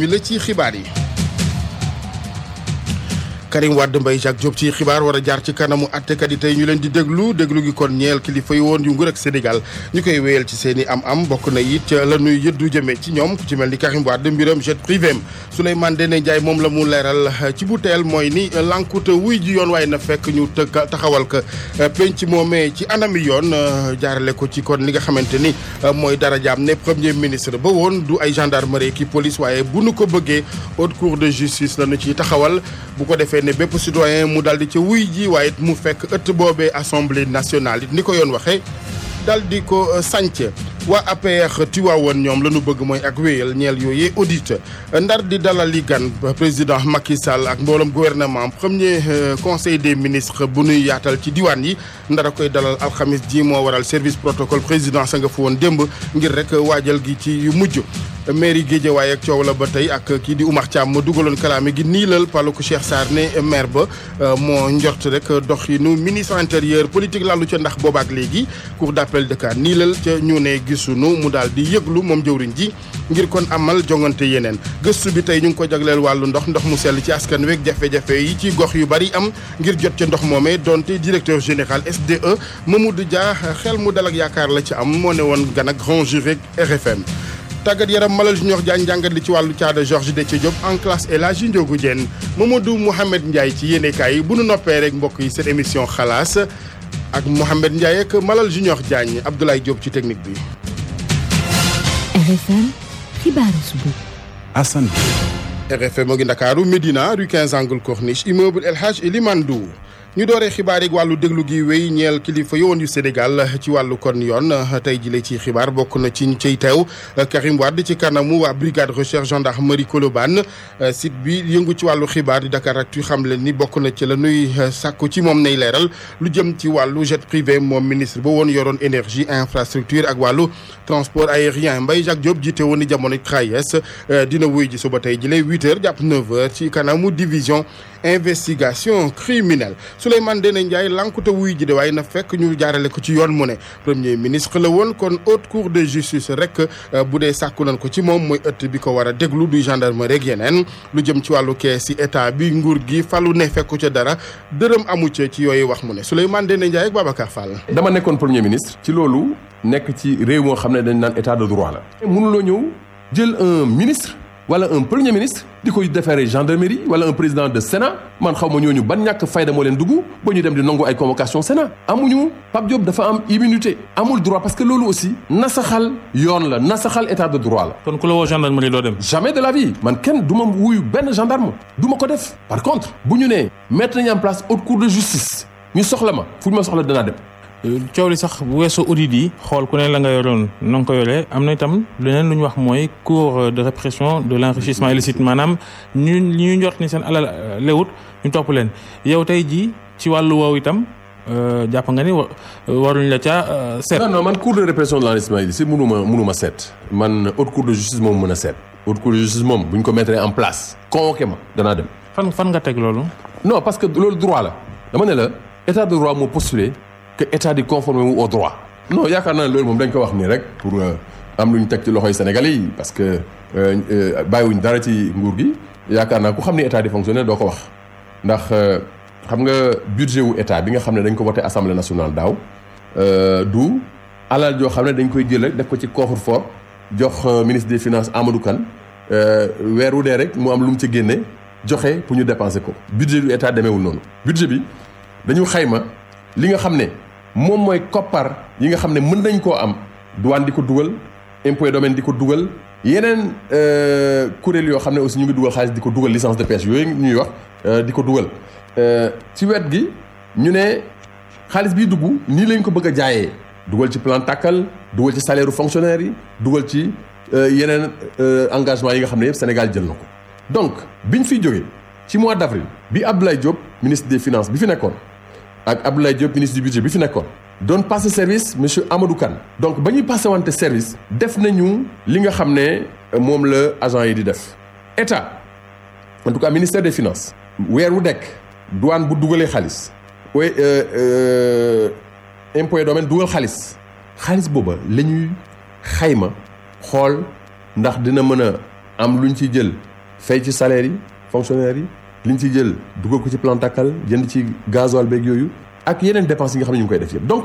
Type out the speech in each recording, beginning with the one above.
ñu la ci xibaar yi Karim Wade Mbaye Jacques Diop ci xibaar war jaar ci kanamu attekat yi tey ñu leen di déglu déglu gi kon ñeel kilifa yi woon yu nguur ak Sénégal ñu koy wéyal ci seen i am-am bokk na it la ñuy yëddu jëmee ci ñoom ku ci mel ni Karim Wade mbiram jet privé am Souleymane Ndéné Ndiaye moom la mu leeral eh, ci bu teel mooy ni eh, lankute wuy ji yoon waaye na fekk ñu taxawal ko eh, penc moomee ci anami yoon jaarale ko ci kon li nga xamante ni mooy dara jaam ne premier ministre ba woon du ay gendarmerie ki police waaye bu nu ko bëggee haute cour de justice la ñu ne bépp sitoyen mu daal di ca wuy ji waaye mu fekk ëtt boobee assemblée nationale it ni ko yoon waxee daal di ko euh, sànc waa APR Tiwaawoon ñoom la ñu bëgg mooy ak wéyal ñeel yooyu auditeur ndar di dalal dalali gan président Macky Sall ak mbooloom gouvernement premier euh, conseil des ministres bu nuy yaatal ci diwaan yi ndara koy dalal alxamis ji moo waral service protocole président sa nga fa woon démb ngir rek waajal gi ci yu mujj mairie waaye ak coow la ba tey ak kii di Oumar Thiam ma dugaloon kalaame gi niilal ku Cheikh Sarr ne maire ba euh, moo njort rek dox yi nu ministre intérieur politique lalu ca ndax boobaak léegi sunu mu daal di yëglu moom jëwriñ ji ngir kon amal jongante yeneen gëstu bi tey ñu ngi ko jagleel wàllu ndox ndox mu sell ci askan weeg jafe-jafe yi ci gox yu bari am ngir jot ca ndox moomee donte directeur général SDE Mamadou Dia xel mu dal ak yaakaar la ci am moo ne woon gan ak grand jury RFM tàggat yaram Malal Junior Diagne njàngat li ci wàllu caada Georges Déthié Diop en classe El Hadji jeen Diène Mamadou Mouhamed Ndiaye ci yéenekaay yi bu nu noppee rek mbokk yi seen émission xalaas ak Mouhamed Ndiaye ak Malal Junior Diagne Abdoulaye Diop ci technique bi RFM xibaaru suba. Assane. RFM moo ngi Ndakaaru Médina rue 15 angle Corniche immeuble El Hadj Eliman Ndour ñu dooree xibaar yi wàllu déglu gi wéy ñeel kilifa yowoon yu Sénégal ci wàllu kon yoon tey jile ci xibaar bokk na ci ñu cay teew Karim Wade ci kanamu waa brigade recherche gendarmerie Colobane site bi yëngu ci wàllu xibaar di Dakaractu xam leen ni bokk na ci la nuy sàkku ci moom nay leeral lu jëm ci wàllu jet privé moom ministre ba woon yoroon énergie infrastructure ak wàllu transport aérien mbay Jacques Diop jiite woon ni jamono CRAES dina wuy ji suba tey jile 8 jàpp 9h ci kanamu division investigation criminelle Souleymane Ndéné Ndiaye lankute wuy ji de waaye na fekk ñu jaarale ko ci yoon mu ne premier ministre la woon kon haute cour de justice rek euh, bu dee sàkku nañ ko ci moom mooy ëtt bi ko war a déglu du gendarmerie ak yeneen lu jëm ci wàllu kees yi état bi nguur gi falu ne fekku ca dara dërëm amu ca ci yooyu wax mu ne Souleymane Ndéné Ndiaye ak Babacar Fall. dama nekkoon premier ministre ci loolu nekk ci réew moo xam ne dañ naan état de droit la. wala un premier ministre di koy déférer gendarmerie wala un président de sénat man xaw ma ñu ban ñàkk fayda moo leen dugg ba ñu dem di nangu ay convocation sénat amuñu Pape Diop dafa am immunité amul droit parce que loolu aussi nasaxal yoon la nasaxal état de droit la. kon ku la woo gendarmerie doo dem. jamais de la vie man kenn du ma benn gendarme du ko def par contre bu ñu nee mettre nañu en place haute cour de justice ñu soxla ma fu ñu ma soxla danaa dem. coow li sax bu weesoo audit xool ku ne la nga yoroon na nga ko yoree am na itam leneen lu ñu wax mooy cour de répression de l'enrichissement illicite maanaam ñu ñu njort ni seen alal euh, lewut ñu topp leen yow tey jii ci wàllu woowu itam euh, jàpp nga ni waruñ la ca euh, seet. non non man cour de répression de l'enrichissement illicite mënuma mënuma seet man haute cour de justice moom mën a seet haute cour moom bu ñu ko mettre en place convoqué ma danaa dem. fan fan nga teg loolu. non parce que loolu droit la que état di conformer wu au droit. yaakaar naa loolu moom dañ ko wax nii rek pour euh, am lu ñu teg ci loxoy sénégal yi parce que euh, euh, bàyyiwuñ dara ci nguur gi yaakaar naa ku xam ni état di fonctionner doo ko wax ndax xam nga budget wu état bi nga xam ne dañ ko voté assemblée nationale daaw du alal joo xam ne dañ koy jël rek def ko ci coffre-fort jox ministre des finance Amadou Kane weer wu dee rek mu am lu mu ci génne joxe pour ñu dépenser ko budget bu état demewul noonu budget bi dañu xayma li nga xam ne. moom mooy koppar yi nga xam ne mën nañ koo am douane di ko dugal impôt domaine di ko dugal yeneen euh, kuréel yoo xam ne aussi ñu ngi dugal xaalis di ko dugal licence de pêche yooyu ñuy wax euh, di ko dugal euh, ci wet gi ñu ne xaalis bii dugg nii lañ ko bëgg a jaayee dugal ci plan takkal dugal ci salaire fonctionnaire yi dugal ci yeneen engagement yi nga xam ne yëpp Sénégal jël na ko donc ñu fiy jógee ci mois d' avril bi Abdoulaye Diop ministre de finance bi fi nekkoon ak Abdoulaye Diop ministre du budget bi fi nekkoon doon passé service monsieur Amadou kan donc ba ñuy passé wante service def nañu li nga xam ne euh, moom la agent yi di def état en tout cas ministère des finances weer wu dekk douane bu dugalee xaalis oui euh, euh, impôt domaine dugal xaalis xaalis booba la ñuy xayma xool ndax dina mën a am lu luñ ci jël fay ci salaire yi fonctionnaires yi li ñu ciy jël dugal ko ci plan tàkkal jënd ci gasoil beeg yooyu ak yeneen dépenses yi nga xam ne ñu koy def yëpp donc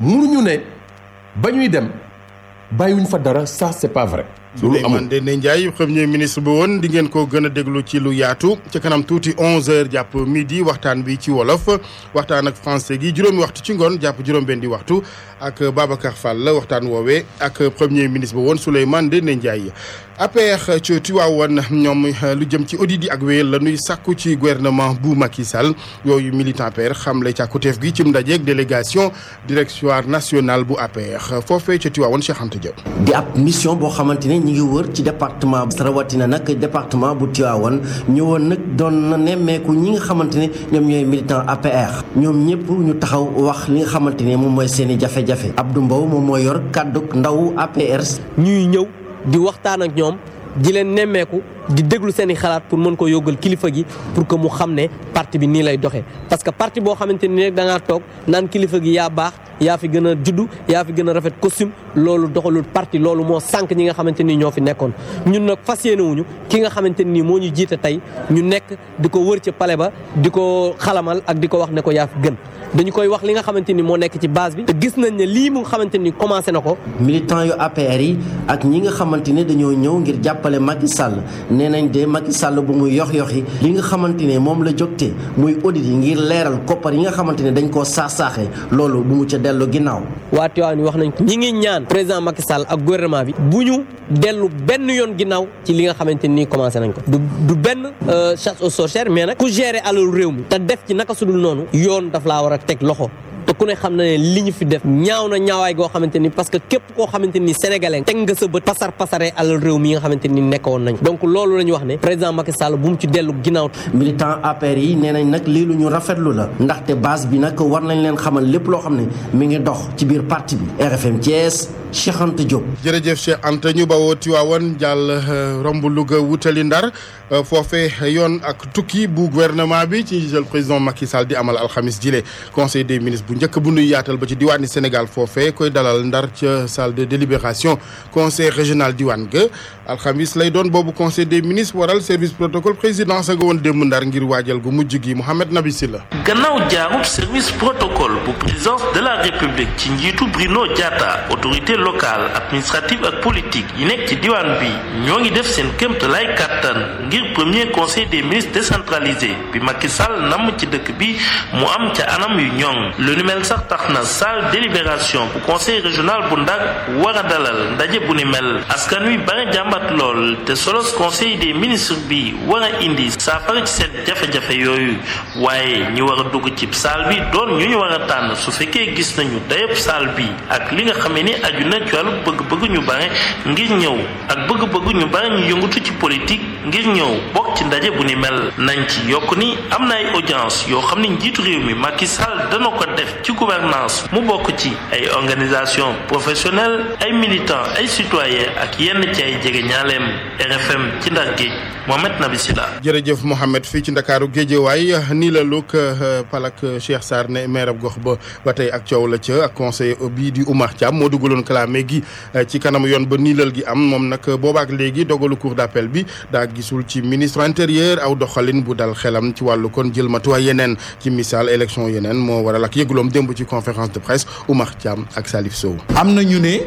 mënuñu ne ba ñuy dem bàyyiwuñ fa dara ça c'est pas vrai loolu amul Ndeye Ndiaye premier ministre bu woon di ngeen ko gën a déglu ci lu yaatu ci kanam tuuti 11h jàpp midi waxtaan bi ci wolof waxtaan ak français gi juróomi waxtu ci ngoon jàpp juróom-benn di waxtu ak Babacar Fall la waxtaan woowe ak premier ministre bu woon Souleymane Ndeye Ndiaye. APR ci Tiwaawan ñoom euh, lu jëm ci audit yi ak wéyal la nuy sàkku ci gouvernement bu Macky Sall yooyu militant APR xamle càkkuteef gi cim ndajeeg délégation directoire nationale bu APR foofee ca Tiwaawan Cheikh Anta Diop. di ab mission ñu ngi wër ci département rawatina nag département bu Tivaouane ñëwoon nag doon na nemmeeku ñi nga xamante ne ñoom ñooy militant APR ñoom ñëpp ñu taxaw wax li nga xamante ne moom mooy seen i jafe-jafe Abdou Mbow moom mooy yor kàdduk ndaw APR ñuy ñëw di waxtaan ak ñoom di leen nemmeeku di déglu seen i xalaat pour mën ko yóggal kilifa gi pour que mu xam ne parti bi nii lay doxee parce que parti boo xamante ni rek da toog naan kilifa gi yaa baax yaa fi gën a juddu yaa fi gën a rafet costume loolu doxalul parti loolu moo sànq ñi nga xamante ni ñoo fi nekkoon ñun nag fas yéene wuñu ki nga xamante ni moo ñu jiite tey ñu nekk di ko wër ci pale ba di ko xalamal ak di ko wax ne ko yaa fi gën dañu koy wax li nga xamante ni moo nekk ci base bi te gis nañ ne lii mu nga xamante ni commencé na ko militant yu APR yi ak ñi nga xamante ni dañoo ñëw ngir jàppale Macky Sall nee nañ de Macky Sall bu muy yox yoxi li nga xamante ne moom la jógtee muy audit yi ngir leeral koppar yi nga xamante ne dañ koo saax-saaxee loolu bu mu ca dellu ginnaaw waa Tivaouane wax nañ ñi ngi ñaan président Macky Sall ak gouvernement bi bu ñu dellu benn yoon ginnaaw ci li nga xamante nii commencé nañ ko du du benn euh, chasse aux sorcières mais nag ku gérer alalu réew mi te def ci naka sudul noonu yoon daf laa war a teg loxo te ku ne xam na ne li ñu fi def ñaaw na ñaawaay goo xamante ni parce que képp koo xamante ni sénégalais teg nga sa bët pasar pasare alal réew mi nga xamante ni nekk nekkoon nañ donc loolu la ñu wax ne président Macky Sall bu mu ci dellu ginnaaw militant APR yi nee nañ nag lii ñu rafetlu la ndaxte base bi nag war nañ leen xamal lépp loo xam ne mi ngi dox ci biir parti bi RFM Thiès Cheikh Anta Diop jërëjëf Cheikh Anta ñu bawoo Tiwaawan jàll euh, romb Louga wutali Ndar euh, foofe yoon ak tukki bu gouvernement bi ci jël président Macky Sall di amal alxamis jile conseil des ministres njëkk bu nuy yaatal ba ci diwaani Sénégal foofee koy dalal ndar ca salle de délibération conseil régional diwaan ga alxamis lay doon boobu conseil des ministre waral service protocole présidence nga woon démb ndar ngir waajal gu mujj gi Mouhamed Nabi Sylla gannaaw jaarut service protocole bu présidence de la république ci njiitu Bruno Diatta autorité locale administrative ak politique yi nekk ci diwaan bi ñoo ngi def seen kéemtalaay kàttan ngir premier conseil des ministres décentralisé bi Macky Sall namm ci dëkk bi mu am ca anam mel sax tax na salle délibération bu conseil régional bu Ndar war a dalal ndaje bu ni mel askan wi bare jàmbat lool te solos conseil des ministre bi war a indi saafara ci seen jafe-jafe yooyu waaye ñi war a dugg ci salle bi doon ñu ñu war a tànn su fekkee gis nañu dayab salle bi ak li nga xamee ni aju na ci bëgg-bëgg ñu bare ngir ñëw ak bëgg-bëgg ñu bare ñu yëngatu ci politique ngir ñëw bokk ci ndaje bu ni mel nañ ci yokk ni am na ay audience yoo xam ne njiitu réew mi Macky Sall dana ko def ci gouvernance mu bokk ci ay organisation professionnelle ay militants ay citoyens ak yenn ci ay jege ñaaleem RFM ci Ndar Géej Mohamed Nabi Sila jërëjëf Mohamed fii ci Ndakaaru Géejewaay nii la luk euh, palak Cheikh Sarr ne maire ab gox ba ba tey ak coow la ca ak conseil bii di Oumar Thiam moo dugaloon clamé gi euh, ci kanam yoon ba niilal gi am moom nag boobaak léegi dogalu cour d'appel bi daa gisul ci ministre intérieur aw doxalin bu dal xelam ci wàllu kon jël matuwaay yeneen ci misaal élection yeneen moo waral lëkkaloom démb ci conférence de presse Oumar Thiam ak Salif Sow. am na ñu ne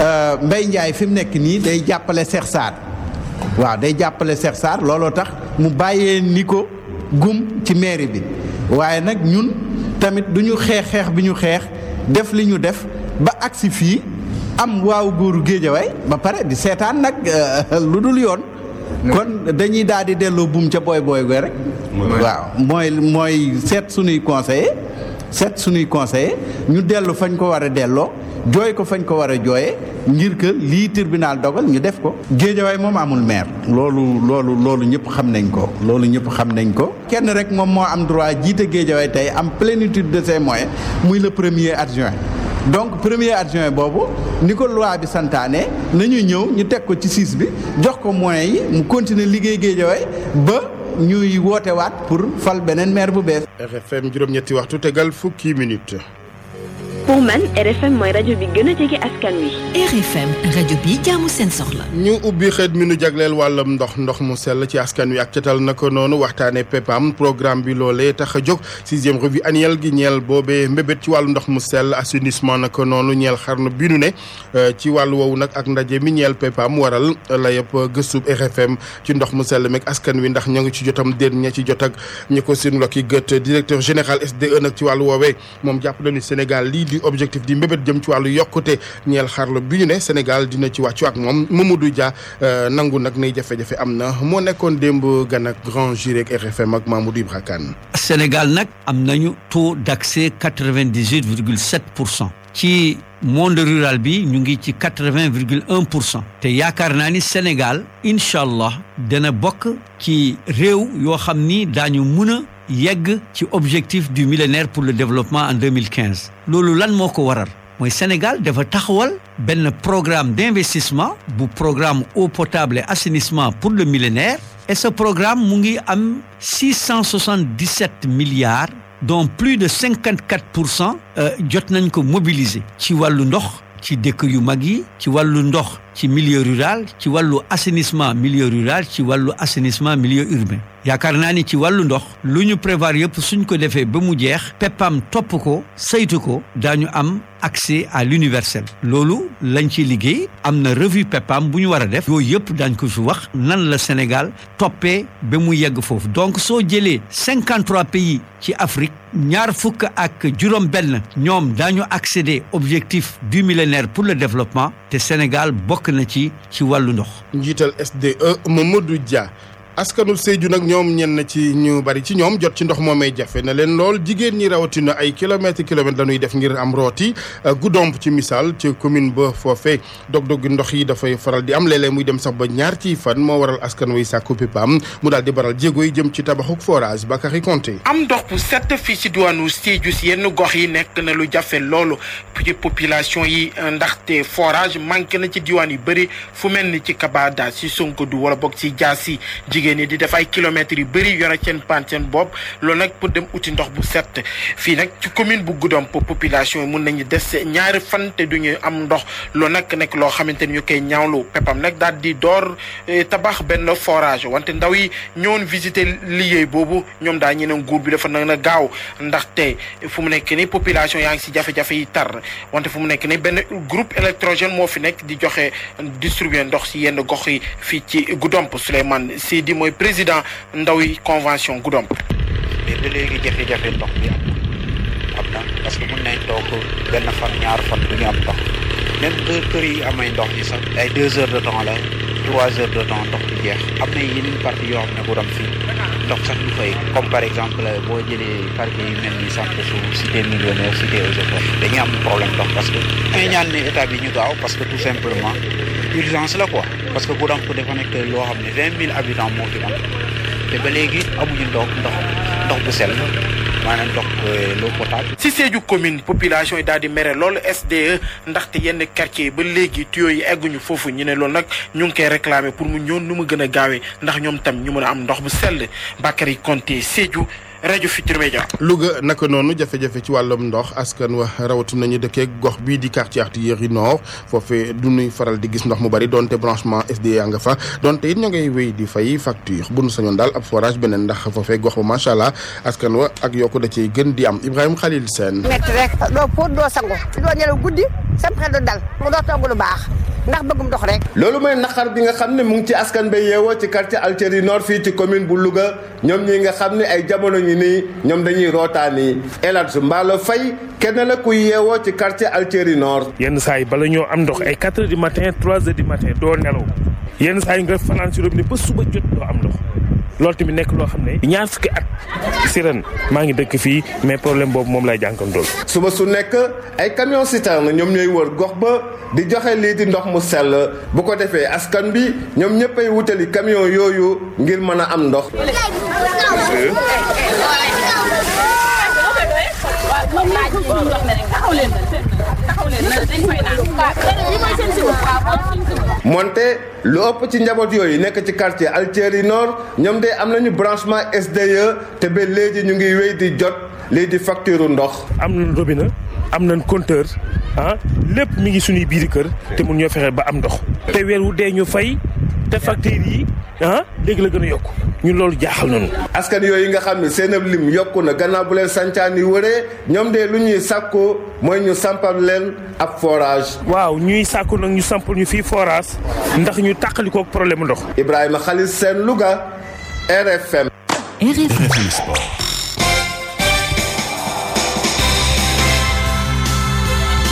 euh, Mbaye Ndiaye fi mu nekk nii day jàppale Cheikh Sarr waaw day jàppale Cheikh saar looloo tax mu bàyyee ni ko gum ci mairie bi waaye nag ñun tamit du ñu xeex xeex bi ñu xeex def li ñu def ba agsi fii am waaw góoru géejawaay ba pare di seetaan nag euh, lu dul yoon. kon dañuy daal di delloo buum ca booy booy goy rek. waaw mooy mooy seet suñuy conseiller seet suñuy conseiller ñu dellu fañ ko war a delloo jooy ko fañ ko war a jooyee ngir que lii tribunal dogal ñu def ko. géejawaay moom amul maire. loolu loolu loolu ñëpp xam nañ ko loolu ñëpp xam nañ ko. kenn rek moom moo am droit jiite géejawaay tey am plénitude de ses moyens muy le premier adjoint. donc premier adjoint boobu ni ko loi bi santaane nañu ñëw ñu teg ko ci siis bi jox ko moyens yi mu continuer liggéey géejawaay ba. ñuy woote waat pour fal beneen maire bu bees. RFM juróom-ñetti waxtu tegal fukki minutes. pour man RFM mooy rajo bi gën jege askan wi. RFM rajo bi jaamu seen soxla. ñu ubbi xët mi nu jagleel wàllum ndox ndox mu sell ci askan wi ak catal na ko noonu waxtaanee PEPAM programme bi loolee tax a jóg sixième revue annuelle gi ñeel boobee mbébét ci wàllu ndox mu sel assainissement na ko noonu ñeel xarnu bi nu ne euh, ci wàllu woowu nag ak ndaje mi ñeel PEPAM waral la yëpp gëstub RFM ci ndox mu sell meeg askan wi ndax ña ngi ci jotam déet ña ci jot ak ñi ko seen lokki gët directeur général SDE ci wàllu woowee objectif di mbébét jëm ci wàllu yokkute ñeel xarala bi ñu ne Sénégal dina ci wàccu ak moom Mamadou Dia euh, nangu nag nay jafe am na moo nekkoon démb gan ak grand ak RFM ak Sénégal nag am nañu taux d'accès quatre-vingt-dix-huit virgule sept pour cent ci monde rural bi ñu ngi ci quatre-vingt virgule un pour cent te yaakaar naa ni Sénégal incha allah dana bokk ci réew yoo xam ni daañu mun a yegg ci objectif du millénaire pour le développement en 2015 loolu lan moo ko waral mooy Sénégal dafa taxawal benn programme d'investissement bu programme eau potable et pour le millénaire et ce programme mu ngi am 677 milliards dont plus de cinquante 54 pour cent euh, jot nañ ko mobiliser ci wàllu ndox ci dëkk yu mag yi ci wàllu ndox ci milieu rural ci wàllu assainissement milieu rural ci wàllu assainissement milieu urbain yaakaar naa ni ci wàllu ndox lu ñu prévoir yëpp suñ ko defee ba mu jeex peppam topp ko saytu ko daañu am accès à l'universel loolu lañ ci liggéey am na revue peppam bu ñu war a def yooyu yëpp daañ ko fi wax nan la Sénégal toppee ba mu yegg foofu donc soo jëlee 53 pays ci Afrique ñaar fukk ak juróom benn ñoom daañu accéder objectif du millénaire pour le développement te Sénégal bokk na ci ci wàllu ndox. njiital SDE Mamadou Dia. askanul Sédhiou nag ñoom ñenn ci ñu bari ci ñoom jot ci ndox moomee jafe na leen lool jigéen ñi rawatina ay kilomètres kilomètres la def ngir am rooti euh, guddomp ci misaal ci commune ba foofee dog-dog ndox yi dafay faral di am léeg muy dem sax ba ñaar ci fan moo waral askan wi sàkku pipaam mu daal di baral jéego yi jëm ci tabaxuk forage Bakary Konté am ndox bu set fii ci diwaanu Sédhiou si yenn gox yi nekk na lu jafe loolu ci population yi euh, ndaxte forage manqué na ci diwaan yu bëri fu mel ni ci Kabada si Sonkodou wala boog si Diassi jigéen ñi di def ay kilomètres yu bëri yore seen paan seen bopp loolu nag pour dem uti ndox bu set fii nag ci commune bu Goudomp population mun nañu des ñaari fan te duñu am ndox loolu nag nekk loo xamante ni ñu koy ñaawlu peppam nag daal di door eh, tabax benn forage wante ndaw yi ñëwoon visiter liggéey boobu ñoom daa ñu ne nguur bi dafa na gaaw ndaxte fu mu nekk ni population yaa ngi si jafe-jafe yi tar wante fu mu nekk ni benn groupe électrogène moo fi nekk di joxe distribuer ndox si yenn gox yi ci Goudomp Souleymane Sidi ji mooy président ndaw yi convention Goudomp. mais ba léegi jafe-jafe ndox bi am am na parce que mun nañ toog benn fan ñaar fan du ñu am ndox même kër yi yi amay ndox yi sax ay deux heures de temps la trois heures de temps ndox bi jeex am na yeneen parties yoo xam ne Goudomp fii ndox sax ñu fay comme par exemple boo jëlee parc yu mel ni Samp Suuf cité millionnaire cité eaux et forêts dañuy am problème ndox parce que. ñaan ne état bi ñu gaaw parce que tout simplement urgence la quoi. parce que Goudomp dafa nekk loo xam ne vingt mille habitants moo fi am te ba léegi amuñu ndox ndox ndox bu sell maanaam ndox euh, l'eau potable. si Sédhiou commune population yi daal di mere loolu SDE ndaxte yenn quartier ba léegi tuyaux yi egguñu foofu ñu ne loolu nag ñu ngi koy réclamer pour mu ñëw nu mu gën a gaawee ndax ñoom tam ñu mën a am ndox bu sell Bakary Konté Sédhiou. rajo Futur Media. Louga naka noonu jafe-jafe ci wàllum ndox askan wa rawatu nañu dëkkee gox bii di quartier Artillerie Nord foofee du ñuy faral di gis ndox mu bari donte branchement SDE nga fa donte it ñoo ngay wéy di fay facture bu nu sañoon daal ab forage beneen ndax foofee gox ba macha allah askan ak yokku da cee gën di am Ibrahima Khalil Sène. métti rek doo pour doo sangu doo ñelaw guddi sam xel du dal mu doo togg lu baax. ndax bëggum dox rek. loolu mooy naqar bi nga xam ne mu ngi ci askan bay yeewoo ci quartier Artillerie Nord fii ci commune bu Louga ñoom ñi nga xam ne ay jamono ñu ngi nii ñoom dañuy rootaani El Hadj Mballo Faye kenn la kuy yeewoo ci quartier Altieri Nord. yenn saa yi bala ñoo am ndox ay 4 heures du matin 3 heures du matin doo nelaw yenn saa yi nga fanaan si robinet ba suba jot doo am ndox. loolu tamit nekk loo xam ne ñaar fukki at si ren maa ngi dëkk fii mais problème boobu moom lay jànkandool suba su nekk ay camion citerne ñoom ñooy wër gox ba di joxe lii di ndox mu sell bu ko defee askan bi ñoom ñëppay wutali camion yooyu ngir mën a am ndox suñu moonte lu ëpp ci njaboot yooyu nekk ci quartier Altieri Nord ñoom de am nañu branchement SDE te ba léegi ñu ngi wéy di jot lii di facture ndox. am nu robinet am nañ compteur ah lépp mi ngi suñuy biir kër te mun ñoo fexe ba am ndox. te weer wu dee ñu fay. te facteurs yi ah dégg la gën a yokku ñun loolu jaaxal nañu. askan yooyu nga xam ne seen ab lim yokku na gannaaw bu leen sàncaan yi wëree ñoom de lu ñuy sàkkoo mooy ñu sampal leen ab forage. waaw ñuy sàkku nag ñu sampal ñu fii forage ndax ñu tàqali koog problème ndox. Ibrahima xalis seen Louga RFM.